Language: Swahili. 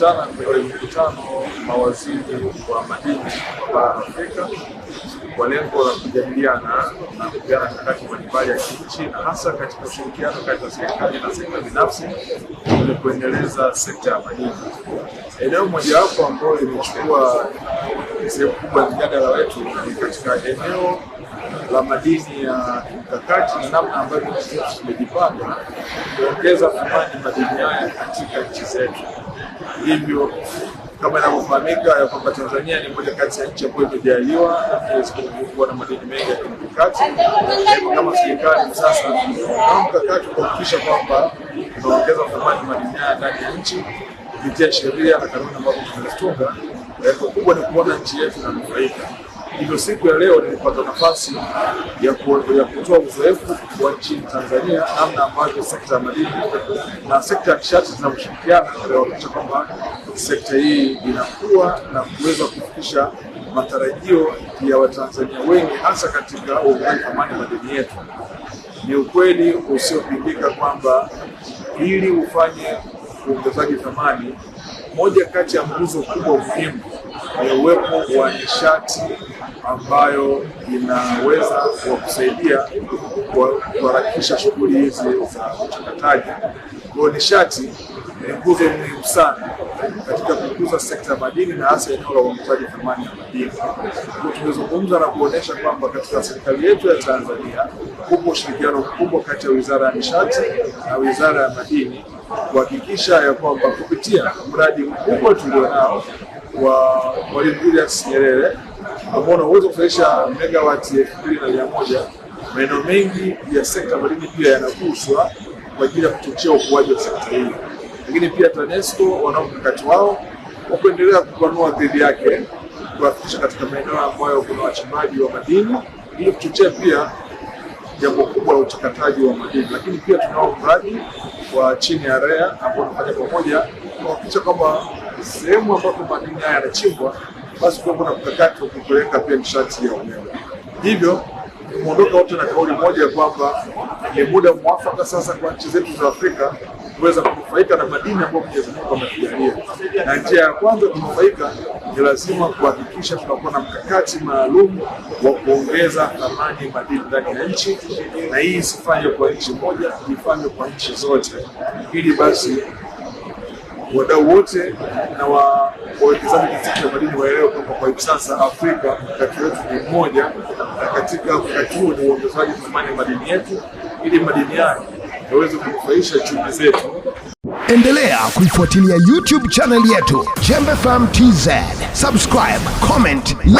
kukutana kwenye mkutano mawaziri wa madini wa bara Afrika kwa lengo la kujadiliana na kupeana mikakati mbalimbali ya kinchi na hasa katika ushirikiano kati ya serikali na sekta binafsi ili kuendeleza sekta ya madini. Eneo mojawapo ambayo limechukua sehemu kubwa ya mjadala wetu ni katika eneo la madini ya mkakati na namna ambavyo nchi zetu zimejipanga kuongeza thamani madini haya katika nchi zetu, hivyo kama inavyofahamika kwamba Tanzania ni moja kati ya nchi ambayo imejaliwa kuwa na madini mengi ya kimkakati. Kama serikali sasa na mkakati kuhakikisha kwamba tunaongeza thamani madini haya ndani ya nchi kupitia sheria na kanuni ambazo tumezitunga. Lengo kubwa ni kuona nchi yetu inanufaika. Hivyo siku ya leo nilipata nafasi ya, ku, ya kutoa uzoefu wa nchini Tanzania, namna ambavyo sekta ya madini na sekta ya nishati zinavyoshirikiana kuhakikisha kwamba sekta hii inakuwa na kuweza kufikisha matarajio ya Watanzania wengi, hasa katika uongezaji thamani madini yetu. Ni ukweli usiopingika kwamba ili ufanye uongezaji thamani, moja kati ya nguzo kubwa muhimu ya uwepo wa nishati ambayo inaweza kuwakusaidia kuharakisha shughuli hizi za uchakataji. Kwa nishati ni nguzo muhimu sana katika kukuza sekta ya madini na hasa eneo la uongezaji thamani ya madini. Tumezungumza na kuonyesha kwamba katika serikali yetu ya Tanzania hupo ushirikiano mkubwa kati ya Wizara ya Nishati na Wizara ya Madini kuhakikisha ya kwamba kupitia mradi mkubwa tulionao wa Mwalimu Julius Nyerere ambao una uwezo kuzalisha megawati elfu mbili na mia moja. Maeneo mengi ya sekta madini pia yanaguswa kwa ajili ya kuchochea ukuaji wa sekta hii, lakini pia TANESCO wanao mkakati wao wa kuendelea kupanua dhidi yake kuhakikisha katika maeneo ambayo kuna wachimbaji wa madini ili kuchochea pia jambo kubwa la uchakataji wa madini. Lakini pia tunao mradi wa chini ya REA ambao unafanya pamoja kuhakikisha kwamba sehemu ambapo madini haya yanachimbwa, basi kuwepo na mkakati wa kupeleka pia nishati ya umeme. Hivyo tumeondoka wote na kauli moja kwamba ni muda mwafaka sasa kwa nchi zetu za Afrika kuweza kunufaika na madini ambayo Mwenyezi Mungu na njia ya kwanza kunufaika ni lazima kuhakikisha tunakuwa na mkakati maalum wa kuongeza thamani madini ndani ya nchi, na hii isifanywe kwa nchi moja, ifanywe kwa nchi zote, ili basi wadau wote na wa wawekezaji katika madini waelewe kwamba kwa hivi sasa Afrika mkakati wetu ni mmoja, na katika mkakati huu ni uongezaji thamani ya madini yetu ili madini yayo yaweze kunufaisha chumi zetu. Endelea kuifuatilia YouTube channel yetu Jembe FM TZ, subscribe, comment, like.